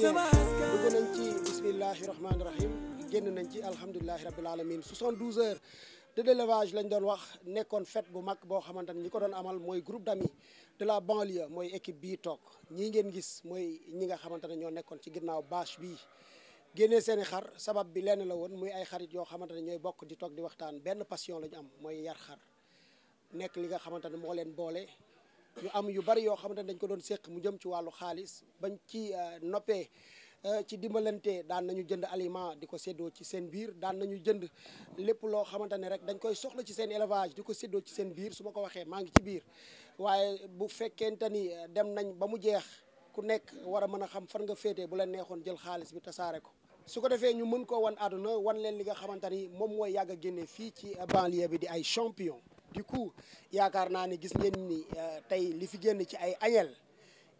dugg nañ ci bismillahi rahmaani rahim génn nañ ci alhamdulilahi rabil alamin 72 heures de l'élevage lañ doon wax nekkoon fet bu mag boo xamante ni ñi ko doon amal mooy groupe d'amis de la banlieue mooy équipe bii toog ñii ngeen gis mooy ñi nga xamante ne ñoo nekkoon ci ginnaaw bâche bii génnee seeni xar sabab bi lenn la woon muy ay xarit yoo xamante ne ñooy bokk di toog di waxtaan benn passion la ñu am mooy yar xar nekk li nga xamante ne moo leen boole ñu am yu bari yoo xamante ne dañ ko doon seq mu jëm ci wàllu xaalis bañ ci euh, noppee euh, ci dimbalantee daan nañu jënd aliment di ko séddoo ci seen biir daan nañu jënd lépp loo xamante ne rek dañ koy soxla ci seen élevage di ko séddoo ci seen biir su ma ko waxee maa ngi ci biir waaye bu fekkente ni euh, dem nañ ba mu jeex ku nekk war a mën a xam fan nga féetee bu la neexoon jël xaalis bi tasaare ko su ko defee ñu mën koo wan àdduna wan leen li nga xamante ni moom mooy yàgg a génne fii ci banlieue bi di ay champion du coup yaakaar naa ni gis ngeen ni euh, tey li fi génn ci ay añel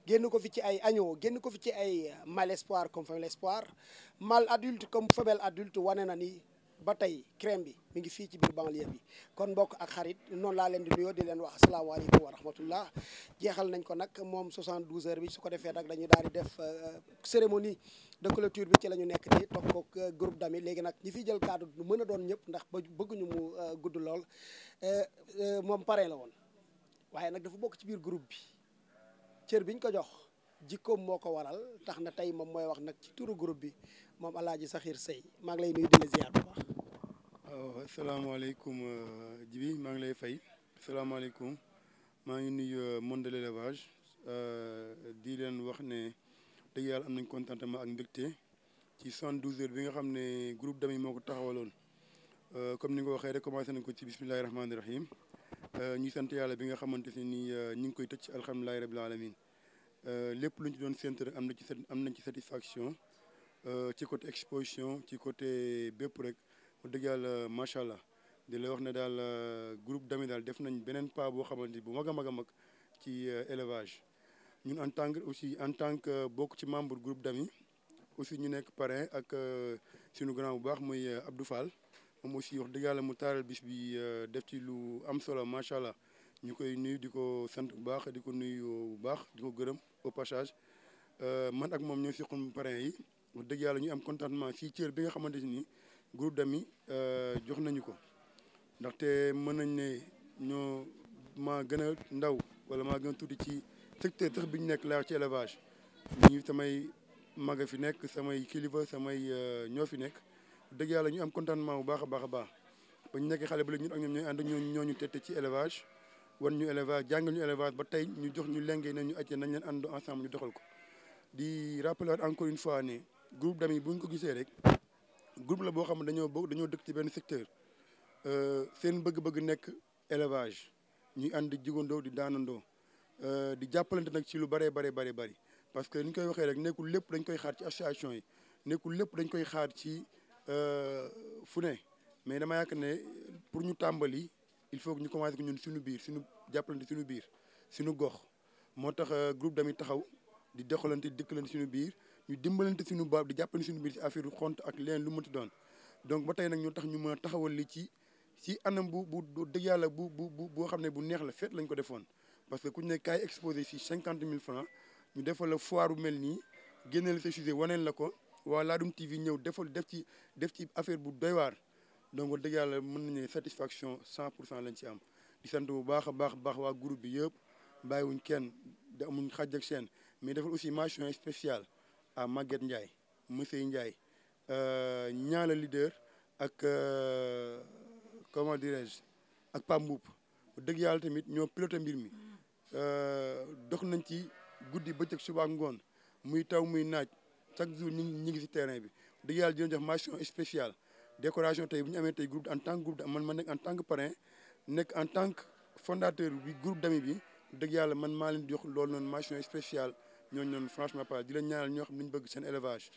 génn ko fi ci ay agneau génn ko fi ci ay mâle espoir comme femelle espoir mâle adulte comme femelle adulte wane na ni ba tey crème bi mu ngi fii ci biir banlieue bi kon mbokk ak xarit noonu laa leen di nuyoo di leen wax asalaamaaleykum wa rahmatullah jeexal nañ ko nag moom 72 heures bi su ko defee nag dañu daal di def euh, cérémonie de clôture bi ci la ñu nekk nii toog ko euh, groupe d'amis léegi nag ñi fi jël kaddu mën a doon ñëpp ndax ba bëgguñu mu euh, gudd lool moom parrain la woon waaye nag dafa bokk ci biir groupe bi cër biñ ko jox jikkoom moo ko waral tax na tey moom mooy wax nag ci turu groupe bi moom Alaaji Saxiir Sëy maa ngi lay nuyu di waaw asalaamaaleykum euh, Djibi maa ngi lay fay asalaamaaleykum maa ngi nuyu euh, monde de l'élevage euh, di leen wax ne dëgg yàlla am nañ contentement ak mbégte ci 72 heures bi nga xam ne groupe Dami moo ko taxawaloon comme ni nga ko waxee rek commencé nañ ko ci bismillahi rahmaani rahim ñuy sant yàlla bi nga xamante ne ni ñu ngi koy tëj ci alhamdulilahi rabil alamin lépp luñ ci doon séntu am na ci am nañ ci satisfaction ci côté exposition ci côté bépp rek. wax dëgg macha allah di la wax ne daal euh, groupe Damy daal def nañ beneen pas boo xamante bu mag a mag a mag ci euh, élevage ñun en tant aussi en tant que euh, bokk ci membre groupe Damy aussi ñu nekk parrain ak suñu grand bu baax muy Abdou Fall moom aussi wax dëgg mu taaral bis bi def ci lu am solo macha allah ñu koy nuyu di ko sant bu baax di ko nuyu bu baax di ko gërëm au passage man ak moom ñoo seqoon parrain yi wax dëgg yàlla ñu am contentement fii Thiel bi nga xamante ni. groupe d'amis euh, jox nañu ko ndaxte mën nañ ne ñoo maa gën a ndaw wala maa gën a tuuti ci secteur tëx bi ñu nekk laa ci élevage ñi samay maga fi nekk samay kilifa samay euh, ñoo fi nekk dëgg yàlla ñu am contentement bu baax a baax a baax ba ñu nekk xale ba léegi ñu ak ñoom ñooy ànd ñooñu tette ci élevage wan ñu élevage jàngal ñu élevage ba tey ñu jox ñu lengee na ñu acce nañ leen ànd ensemble ñu doxal ko di rappeler encore une fois ne groupe d'amis bu ñu ko gisee rek groupe la boo xam ne dañoo bokk dañoo dëkk ci benn secteur euh, seen bëgg-bëgg nekk élevage ñuy ànd di di daanandoo euh, di jàppalante nag ci lu bëree baree bëri bëri parce que ni koy waxee rek nekkul lépp dañ koy xaar ci association yi nekkul lépp dañ koy xaar ci euh, fu ne mais dama yaakaar ne pour ñu tàmbali il faut que ñu commencé ko ñun suñu biir suñu jàppalante suñu biir suñu gox moo tax groupe damit taxaw di doxalante dëkkalante suñu biir ñu dimbalante suñu baab di jàppale suñu biir ci affaire xont ak leen lu mënti doon donc ba tey nag ñu tax ñu mën a taxawal li ci ci anam bu bu dëgg yàlla bu bu bu boo xam ne bu neex la feet lañ ko defoon parce que ku ñu ne kaay exposé ci cinquante mille francs ñu defal la foire mel nii génneel sa sujet waneen la ko waa Ladoum TV ñëw defal def ci def ci affaire bu doy waar donc dëgg yàlla mën nañu satisfaction cent pour cent lañ ci am di sant bu baax a baax baax waa groupe bi yëpp bàyyiwuñ kenn da amuñ xàjj ak mais defal aussi mention spéciale à Maguette Ndiaye monsieur Ndiaye ñaala euh, leader ak euh, comment dirais-je ak Pape Mboup dëgg yàlla tamit ñoo piloté mbir mi euh, dox nañ ci guddi bëccëg suba ngoon muy taw muy naaj chaque jour ñu ngi ñu ngi si terrain bi dëgg yàlla dina jox mention spéciale décoration tey bu ñu amee tey groupe en tant que groupe man ma nekk en tant que parrain nekk en tant que fondateur bi groupe d'amis bi dëgg yàlla man maa leen jox loolu noonu mention spéciale ñooñu noonu franchement pas di leen ñaanal ñoo xam ne ñu bëgg seen élevage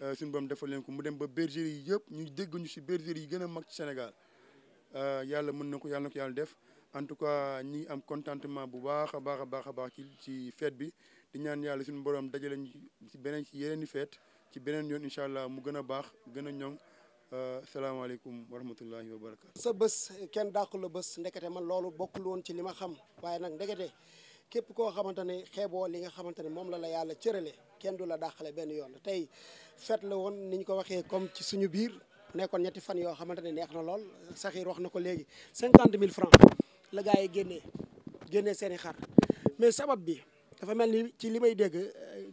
euh, suñu borom defal leen ko mu dem ba bergerie yi yëpp ñu dégg ñu si bergerie yi gën a mag ci Sénégal euh, yàlla mën na ko yàlla na yàlla def en tout cas ñi am contentement bu baax a baax a baax a baax ci ci fête bi di ñaan yàlla suñu borom dajale ñu ci beneen ci yeneen i fête ci beneen yoon incha allah mu gën a baax gën a ñoŋ euh, salaamaaleykum wa rahmatullahi wa barakaatu. sa bés kenn dàqu la bés ndekete man loolu bokkul woon ci li ma xam képp koo xamante ne xeeboo li nga xamante ne moom la la yàlla cërale kenn du la dàqale benn yoon tey fet la woon ni ñu ko waxee comme ci suñu biir nekkoon ñetti fan yoo xamante ne neex na lool saxiir wax na ko léegi cinquante mille francs la gars yi génne génne seen i xar mais sabab bi dafa mel ni ci li may dégg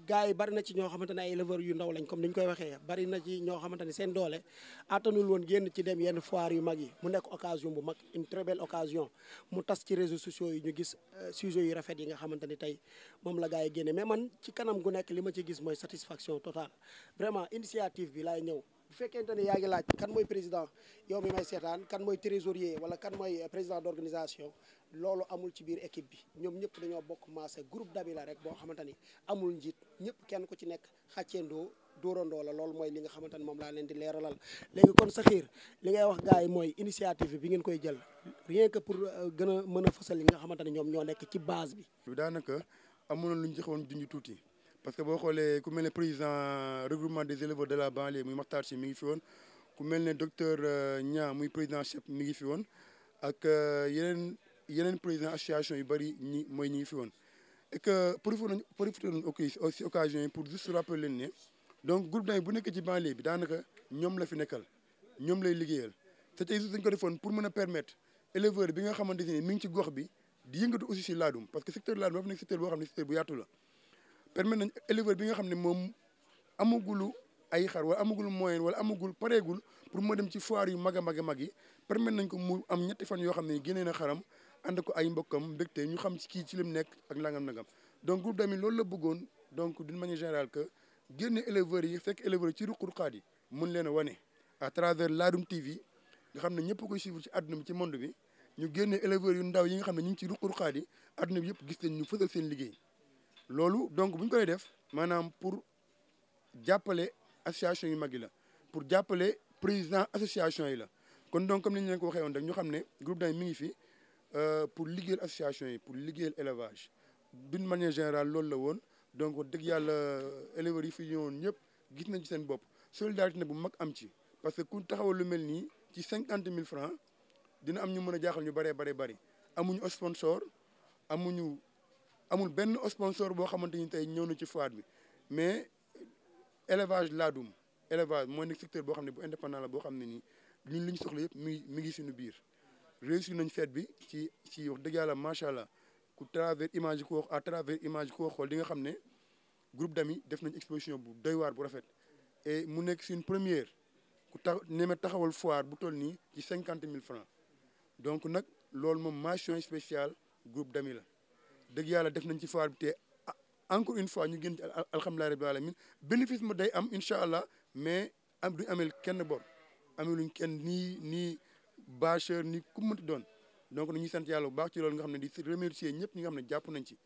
gars yi bari na ci ñoo xamante ne ay éleveurs yu ndaw lañ comme ni ñu koy waxee bari na ci ñoo xamante ne seen doole attanul woon génn ci dem yenn foire yu mag yi mu nekk occasion bu mag une très belle occasion mu tas ci réseaux sociaux yi ñu gis euh, sujets yu rafet yi nga xamante ni tey moom la gars yi génne mais man ci kanam gu nekk li ma ci gis mooy satisfaction totale vraiment initiative bi laay ñëw bu fekkente ne yaa ngi laaj kan mooy président yow mi may seetaan kan mooy trésorier wala kan mooy euh, président d'organisation loolu amul ci biir équipe bi ñoom ñëpp dañoo bokk maase groupe d'amis rek boo xamante ni amul njiit ñëpp kenn ku ci nekk xàcceendoo dóorandoo la loolu mooy li nga xamante ni moom laa leen di leeralal léegi kon Sakhir li ngay wax gars yi mooy initiative bi ngeen koy jël rien que pour euh, gën a mën a fësal yi nga xamante ne ñoom ñoo nekk ci base bi. daanaka amuloon lu ñu joxoon junj tuuti parce que boo xoolee ku mel ne président euh, regroupement des éleveurs de la banlieue muy Makhtar Sy mi ngi fi woon ku mel ne docteur euh, Niang muy président chef mi ngi fi woon ak yeneen. yeneen président association yu bëri ñi mooy ñi fi woon et que profité nañu profité nañu aussi occasion yi pour juste rappeler leen ne donc groupe d'amitié bu nekk ci banlieue bi daanaka ñoom la fi nekkal ñoom lay liggéeyal te tey juste dañ ko defoon pour mën a permettre éleveur bi nga xamante ne mi ngi ci gox bi di aussi si laadum parce que secteur laadum dafa nekk secteur boo xam ne la permettre nañ éleveur bi nga xam ne moom amagul ay xar wala amagul moyen wala amagul pareegul pour mu dem ci foire yu mag a mag a mag yi permettre nañ ko mu am ñetti fan yoo xam ne génnee na xaram ànd ko ay mbokkam mbégte ñu xam ci kii ci lim nekk ak nangam-nangam donc groupe d'amis loolu la bëggoon donc d'une manière générale que génne éleveurs yi fekk éleveurs yi ci ruq-ruqaat yi mun leen a wane à travers Ladoum TV nga xam ne ñëpp koy suivre ci àdduna bi ci monde bi ñu génne éleveurs yu ndaw yi nga xam ne ñu ngi ci ruq-ruqaat yi àdduna bi yëpp gis nañ ñu fësal seen liggéey loolu donc bu ñu koy def maanaam pour jàppale association yu mag yi la pour jàppale président association yi la kon donc comme ni ko waxee rek ñu xam ne groupe mi ngi fi Euh, pour liggéey association yi pour liggéeyal élevage d'une manière général loolu la woon donc dëgg yàlla éleveurs yi fi ñëwoon ñëpp gis nañ ci seen bopp solidarité ne bu mag am ci parce que ku taxawal lu mel nii ci cinquante mille francs dina am ñu mën a jaaxal ñu bëree bëri bëri amuñu sponsor amuñu amul benn sponsor boo xamante ni tey ñëw na ci foire bi mais élevage laadum élevage mooy nekk secteur boo xam ne bu indépendant la boo xam ne nii ñun li ñu soxla yëpp mi mi ngi suñu biir réussir nañ fête bi ci ci wax dëgg yàlla macha allah ku travers image ko wax à travers image ko xool di nga xam ne group d'amis def nañ exposition bu doy waar bu rafet et mu nekk si une première ku tax ñeme taxawal foire bu toll nii ci cinquante mille francs donc nag loolu moom mention spéciale groupe d'amis la dëgg yàlla def nañ ci foire bi te encore une fois ñu gën ci alhamdulilah rabbil alamin bénéfice ma day am incha allah mais am duñ amel kenn bor ameluñ kenn bâcheur ni ku mënti doon donc ñu sant yàlla bu baax ci loolu nga xam ne di remercier ñëpp ñi nga xam ne jàpp nañ ci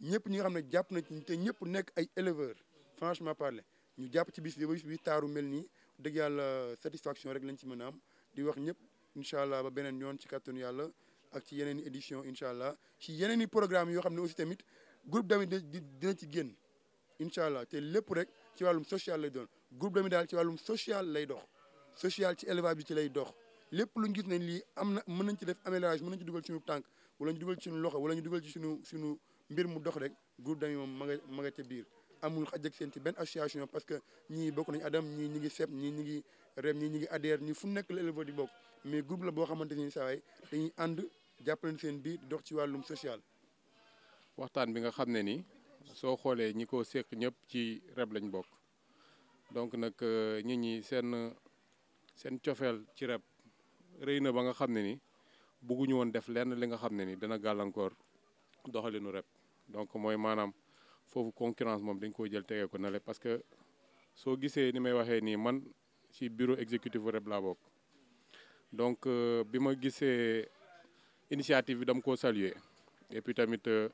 ñëpp ñi nga xam ne jàpp nañ ci te ñëpp nekk ay éleveur franchement parler ñu jàpp ci bis bi bis taaru mel nii dëgg yàlla satisfaction rek lañu ci mën a am di wax ñëpp incha allah ba beneen yoon ci kàttanu yàlla ak ci yeneen édition incha allah ci yeneen i programme yoo xam ne aussi tamit groupe Dami dina ci génn incha allah te lépp rek ci wàllum social lay doon groupe Dami daal ci wàllum social lay dox social ci élevage bi ci lay dox lépp lu luñ gis nañ lii am na mën nañ ci def amélioration mën nañ ci dugal suñu tànk wala ñu dugal ci suñu loxo wala ñu dugal ci suñu suñu mbir mu dox rek groupe d'amis moom ma nga ma nga ca biir amul xaj seen ci benn association parce que ñii bokk nañu adam ñii ñi ngi sep ñii ñi ngi rem ñii ñi ngi adhère ñi fu nekk la di bokk mais groupe boo xamante ni saa waay dañuy ànd jàppaleen seen biir dox ci wàllum social waxtaan bi nga xam ne ni soo xoolee ñi ko séq ñëpp ci reb lañ bokk donc nag nit euh, ñi seen seen cofeel ci reb rëy na ba nga xam ne ni bëgguñu woon def lenn li nga xam ne ni dana gàllankoor doxalinu rep donc mooy maanaam foofu concurrence moom dañ koo jël tegee ko nale parce que soo gisee ni may waxee nii man ci bureau exécutif rep laa bokk donc euh, bi ma gisee initiative bi dama ko saluer et puis tamit euh,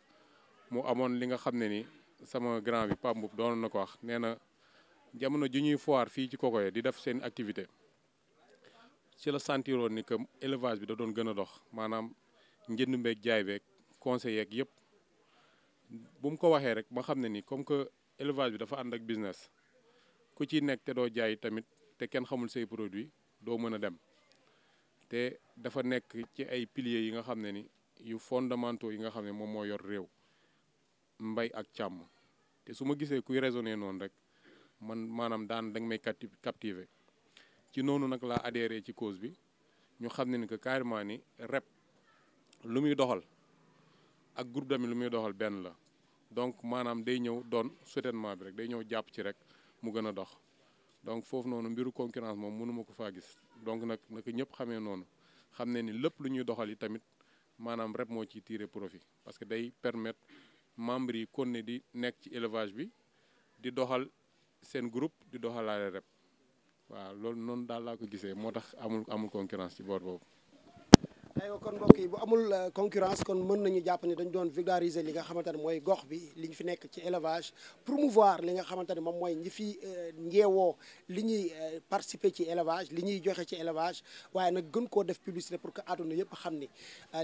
mu amoon li nga xam ne ni sama grand bi Pape doonoon na ko wax nee na jamono ji ñuy foire fii ci Kokoye di def seen activité ci la sentiroon ni que élevage bi da doon gën a dox maanaam njënd mbeeg jaay beeg conseil yeeg yëpp bu mu ko waxee rek ma xam ne ni comme que élevage bi dafa ànd ak business ku ciy nekk te doo jaay tamit te kenn xamul say produit doo mën a dem te dafa nekk ci ay piliers yi nga xam ne ni yu fondamentaux yi nga xam ne moom moo yor réew mbay ak càmm te su ma gisee kuy raisonné noonu rek man maanaam daan danga may captiver ci noonu nag laa adhéré ci cause bi ñu xam ne ni que carrément ni rep lu muy doxal ak groupe d'amis lu muy doxal benn la donc maanaam day ñëw doon soutènement bi rek day ñëw jàpp ci rek mu gën a dox donc foofu noonu mbiru concurrence moom mënuma ko faa gis donc nag naka ñëpp xamee noonu xam ne ni lépp lu ñuy doxal yi tamit maanaam rep moo ciy tiire profit parce que day permettre membre yi kon ne di nekk ci élevage bi di doxal seen groupe di doxalaale rep waaw loolu noonu daal laa ko gisee moo tax amul amul concurrence ci boor boobu. aywa kon mbokk yi bu amul euh, concurrence kon mën nañu jàpp ni dañu doon vulgariser li nga xamante ne mooy gox bi li ñu fi nekk ci élevage promouvoir li nga xamante ne moom mooy ngi fi euh, ngeewoo li ñuy euh, participer ci élevage li ñuy joxe ci élevage waaye nag gën koo def publicité pour que àdduna yëpp xam ni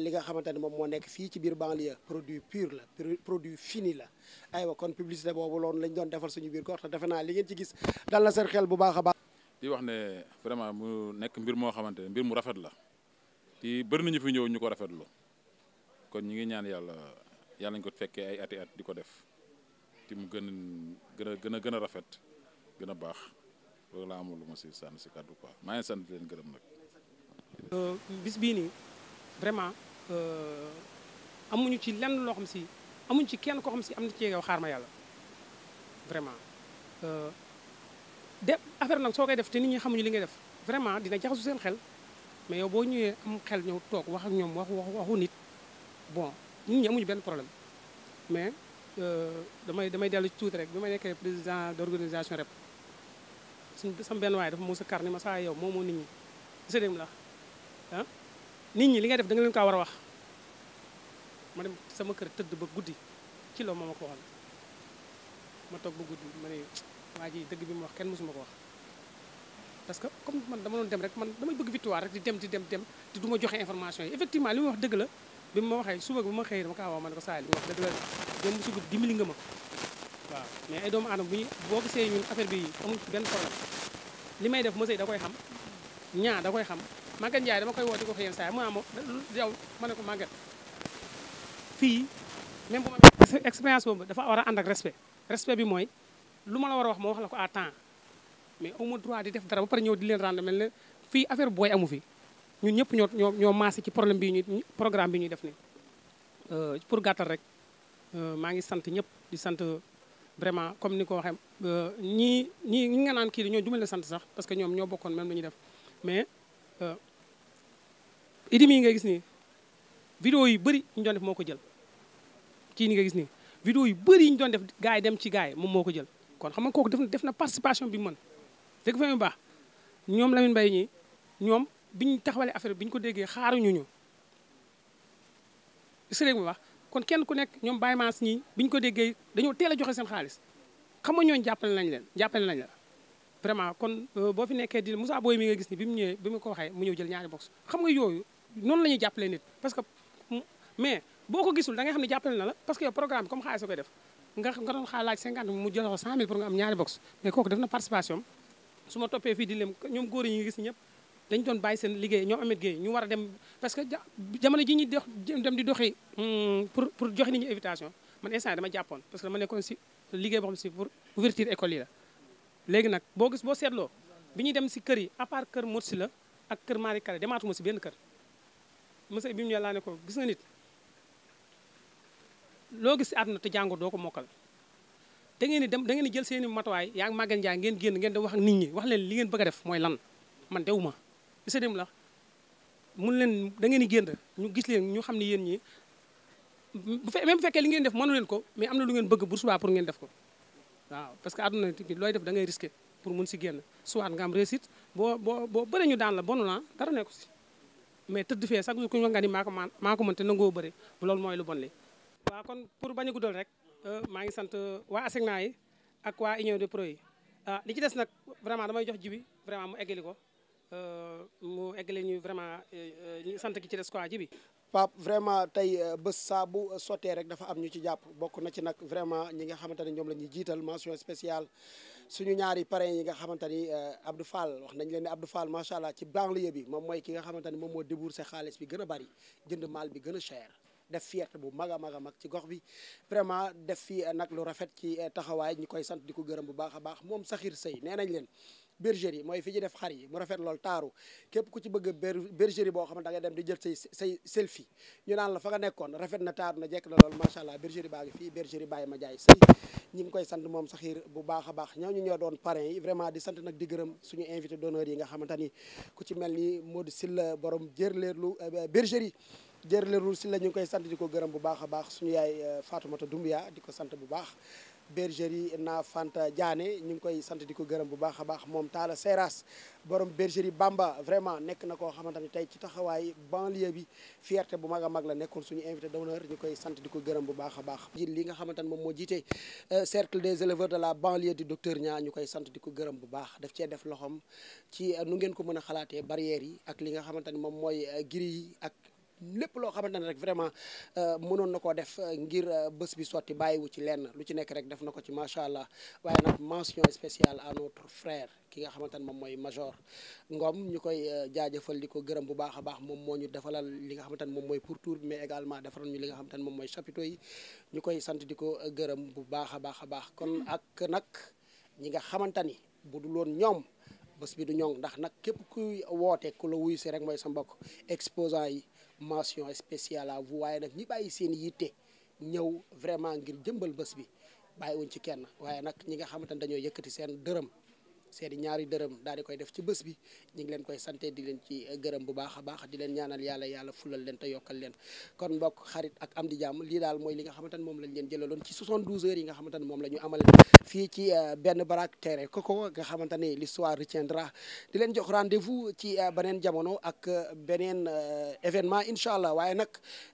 li nga xamante ne moom moo nekk fii ci biir banlieue produit pur la produit fini la aywa kon publicité boobu loolu lañ doon defal suñu biir gox te defe li ngeen ci gis dal di wax ne vraiment mu nekk mbir moo xamante ne mbir mu rafet la ti bëri nañu fi ñëw ñu ko rafet loo kon ñu ngi ñaan yàlla yàlla ñu ko fekkee ay ati at di ko def ti mu gën gën a gën a gën a rafet gën a baax loolu laa amul lu ma si sànn si kàddu quoi ne ngi sant leen gërëm nag. Euh, bis bii nii vraiment euh, amuñu ci lenn loo xam si amuñu ci kenn koo xam si am na ci yow xaar ma yàlla vraiment. Euh, de affaire nag soo koy def te nit ñi xamuñu li ngay def vraiment dina jaxasu seen xel mais yow boo ñëwee am xel ñëw toog wax ak ñoom wax waxu nit bon nit ñi amuñu benn problème mais euh, damay damay dellu ci tuuti rek bi ma nekkee président d' organisation rep sam benn waaye dafa moo sa kar ni ma saa yow moo moo nit ñi sa dém la ah nit ñi li ngay def da nga leen kaa war a wax ma dem sama kër tëdd ba guddi ci loo ma ma ko waxoon ma toog ba guddi waa ji dëgg bi mu wax kenn mësuma ko wax parce que comme man dama dem rek man damay bëgg victoire rek di dem di dem dem te du ma joxe information yi effectivement wax dëgg la bi ma waxee suba bi ma xëyee dama kaa woo ma ne ko saa li mu wax dëgg nga ma waaw mais ay doomu aadama bu ñu boo gisee ñun affaire bi amul benn problème li may def monsieur da koy xam ñaa koy xam Maguette Ndiaye dama koy woo ko saa mu ma ne ko Maguette fii même bu ma expérience boobu dafa war a ànd ak respect respect bi mooy lu ma la war a wax ma wax la ko à temps mais amu droit di def dara ba pare ñëw di leen rendre mel ne fii affaire booy amu fi ñun ñëpp ñoo ñoo ñoo maase ci problème bi ñuy programme bi ñuy def ni euh, pour gàttal rek euh, maa ngi sant ñëpp di sant vraiment comme ni ko waxee euh, ñii ñii ñi nga naan kii di ñoo jumal sant sax parce que ñoom ñoo bokkoon même lu ñu def mais idi mii nga gis nii vidéo yu bëri ñu doon def moo ko jël kii ni nga gis nii vidéo yu bëri yi ñu doon def gaay dem ci gaay moom moo ko jël kon xam kook kooku def na def na participation bi mën dëgg fa mu baax ñoom la Lamine mbay ñi ñoom biñ taxawalee affaire bi ñu ko déggee xaaruñu ñu sëriñ bu baax kon kenn ku nekk ñoom Baye Mass ñii biñ ko déggee dañoo teel a joxe seen xaalis xam nga ñooñu jàppale nañ leen jàppale nañ la vraiment kon euh, boo fi nekkee di Moussa Boye mi nga gis ni bi mu ñëwee bi mu ko waxee mu ñëw jël ñaari box xam nga yooyu noonu la ñuy jàppale nit parce que mais boo ko na la parce que yow programme bi comme xaalis a koy def nga nga doon xaalaaj 50 mu jox ko 100000 pour nga am ñaari box mais kooku def na participation su ma toppee fii di leen ñoom góor yi ñu gis ñëpp dañu doon bàyyi seen liggéey ñoom amet géey ñu war a dem parce que jamono ji ñuy dox dem di doxi hmm, pour pour joxe nit ñi invitation man instant dama jàppoon parce que dama nekkoon si liggéey boo xam si la léegi nag boo gis boo seetloo bi ñuy dem si kër yi à part kër Motsi la ak kër Marie Kare demaatuma si benn kër monsieur bi mu ñëw ne ko gis nga nit loo gis si àdduna ti jàngo doo ko mokkal da ngeen di dem da ngeen di jël seen matuwaay yaa ngi ngeen génn ngeen dem wax ak nit ñi wax leen li ngeen bëgg a def mooy lan man dem la mun leen da ngeen di génn ñu gis leen ñu xam ne yéen ñi bu fe même bu fekkee li ngeen def mënu leen ko mais am na lu ngeen bëgg bu subaa pour ngeen def ko waaw parce que àdduna bi looy def da ngay pour mun si génn soit nga am réussite boo boo boo bëri daan la bonu la dara nekku si mais tëdd fee chaque jour ku ñu wax nga ni maa ko maa ko mën te nangoo bëri bu loolu mooy waa kon pour bañ a guddal rek euh, maa ngi sant euh, waa ASECNA yi ak waa union de pro yi ah li ci des nag vraiment damay jox jibi vraiment mu eggali ko euh, mu eggali ñu vraiment ñu sant ki ci des quoi jibi Pape vraiment tey bés saa bu sottee rek dafa am ñu ci jàpp bokk na ci nag vraiment ñi nga xamante ne ñoom la ñuy jiital mention spéciale ñu ñaari parrain yi nga xamante ni Abdou Fall wax nañ leen ne Abdou Fall allah ci banlieue bi moom mooy ki nga xamante ni moom moo débourser xaalis bi gën a jënd maal bi gën a cher. def fierté bu mag a mag a mag ci gox bi vraiment def fi eh, nag lu rafet ci eh, taxawaay ñu koy sant di ko gërëm bu baax a baax moom saxiir Sëy nee nañ leen bergerie mooy fi ñu def xar yi mu rafet lool taaru képp ku ci bëgg bergerie boo xam ne da dem di jël say say selfie ñu naan la fa nga nekkoon rafet na taaru na jekk na lool macha allah bergerie baa ngi fii bergerie ma Madiaye Sëy ñi ngi koy sant moom Saxir bu baax a baax ñooñu ñoo doon parrain yi vraiment di sant nag di gërëm suñu invité d'honneur yi nga xamante ni ku ci mel ni Modou Sylla borom jërleerlu eh, bergerie Derlé Rul si la ñu ngi koy sant gërëm bu baax a baax suñu yaay euh, Fatoumata Doumbia di ko sant bu baax bergerie na Fanta Diané ñu ngi koy sant di gërëm bu baax a baax moom Talla Seras borom bergerie Bamba vraiment nekk na koo xamante ni tey ci taxawaay banlieue bi fierté bu mag a mag la nekkoon suñu invité d'honneur ñu koy sant di ko bu baax baax ji li nga xamante ni moom moo jiite euh, cercle des éleveurs de la banlieue du docteur Nia ñu koy sant di gërëm bu baax daf cee def loxoom ci euh, nu ngeen ko mën a xalaatee barrières yi ak li nga xamante ni moom mooy giri yi ak lépp loo xamante ne rek vraiment euh, mënoon na koo def euh, ngir euh, bés bi sotti bàyyiwu ci lenn lu ci nekk rek def na ko ci macha allah waaye nag mention spéciale à notre frère ki nga xamante ne moom mooy major Ngom ñu koy jaajëfal di ko gërëm bu baax a baax moom moo ñu defalal li nga xamante ne moom mooy pourtour bi mais également defaral ñu li nga xamante ne moom mooy chapiteau yi ñu koy sant di ko gërëm bu baax a baax a baax kon ak nag ñi nga xamante ni bu du loon ñoom bés bi du ñoŋ ndax nag képp kuy woote ku la wuyu si rek mooy sa mbokk exposant yi mention spéciale à vous waaye nag ñi bàyyi seen yitte ñëw vraiment ngir jëmbal bés bi bàyyiwuñ ci kenn waaye nag ñi nga xamante ne dañoo yëkkati seen dërëm seeni ñaari dërëm daal di koy def ci bés bi ñu ngi leen koy sante di leen ci gërëm bu baax a baax di leen ñaanal yàlla yàlla fulal leen te yokkal leen kon mbokk xarit ak am di jàmm lii daal mooy li nga xamante ne moom lañ leen jëlaloon ci 72 heures yi nga xamante ne moom la ñu amal fii ci euh, benn baraak terrain koko nga xamante ne l'histoire retiendra di leen jox rendez-vous ci euh, beneen jamono ak euh, beneen événement incha allah waaye nag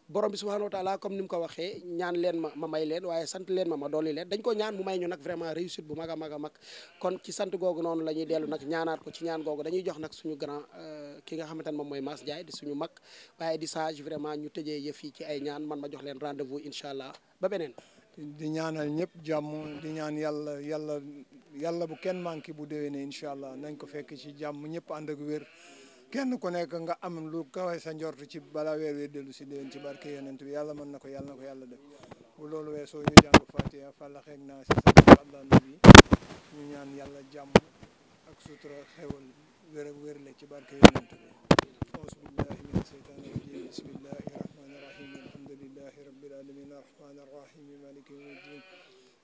borom bi subhanahu wa taala comme ni mu ko waxee ñaan leen ma ma may leen waaye sant leen ma ma dolli leen dañ ko ñaan mu may ñu nag vraiment réussite bu mag a mag a kon ci sant googu noonu la ñuy dellu nag ñaanaat ko ci ñaan googu dañuy jox nag suñu grand euh, ki nga xamante ne moom mooy Mass Ndiaye suñu mag waaye di sage vraiment ñu tëjee yëf yi ci ay ñaan man ma jox leen rendez-vous allah ba beneen di ñaanal ñëpp jàmm di ñaan yàlla yàlla yàlla bu kenn manqué bu déwénee incha allah nañ ko fekk ci jàmm ñëpp ànd ak wér kenn ku nekk nga am lu kawe sa njort ci bala weer wi dellu si déwén ci barke yonent bi yàlla mën na ko yàlla na ko yàlla def bu loolu weesoo ñu jàng fatiha fàllaxeeg naa si sant allah nabi ñu ñaan yàlla jàmm ak sutura xewal wér ak ci barke yonent bi auzu billahi min seytaani rajim bismillahi alhamdulillahi rabbil alamin arrahmaani arrahim maliki yawmi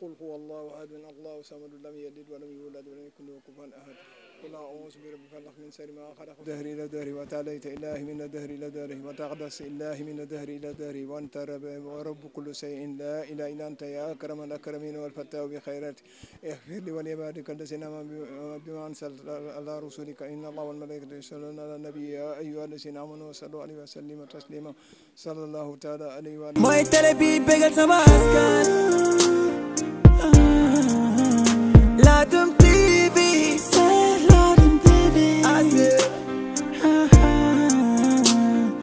قل هو الله أحد الله صمد لم يلد ولم يولد ولم يكن له كفوا أحد قل أعوذ برب الفلق من شر ما خلق دهر إلى دهر وتعاليت إلهي من دهر إلى دهر وتقدس إلهي من دهر إلى دهر وأنت رب ورب كل شيء لا إله إلا أنت يا أكرم الأكرمين والفتاة بخيرات اغفر لي ولعبادك الذين آمنوا بما أنزلت على رسلك إن الله والملائكة يصلون على النبي يا أيها الذين آمنوا صلوا عليه وسلموا تسليما صلى الله تعالى عليه وآله mooy télé bi bégal sama askan -hmm.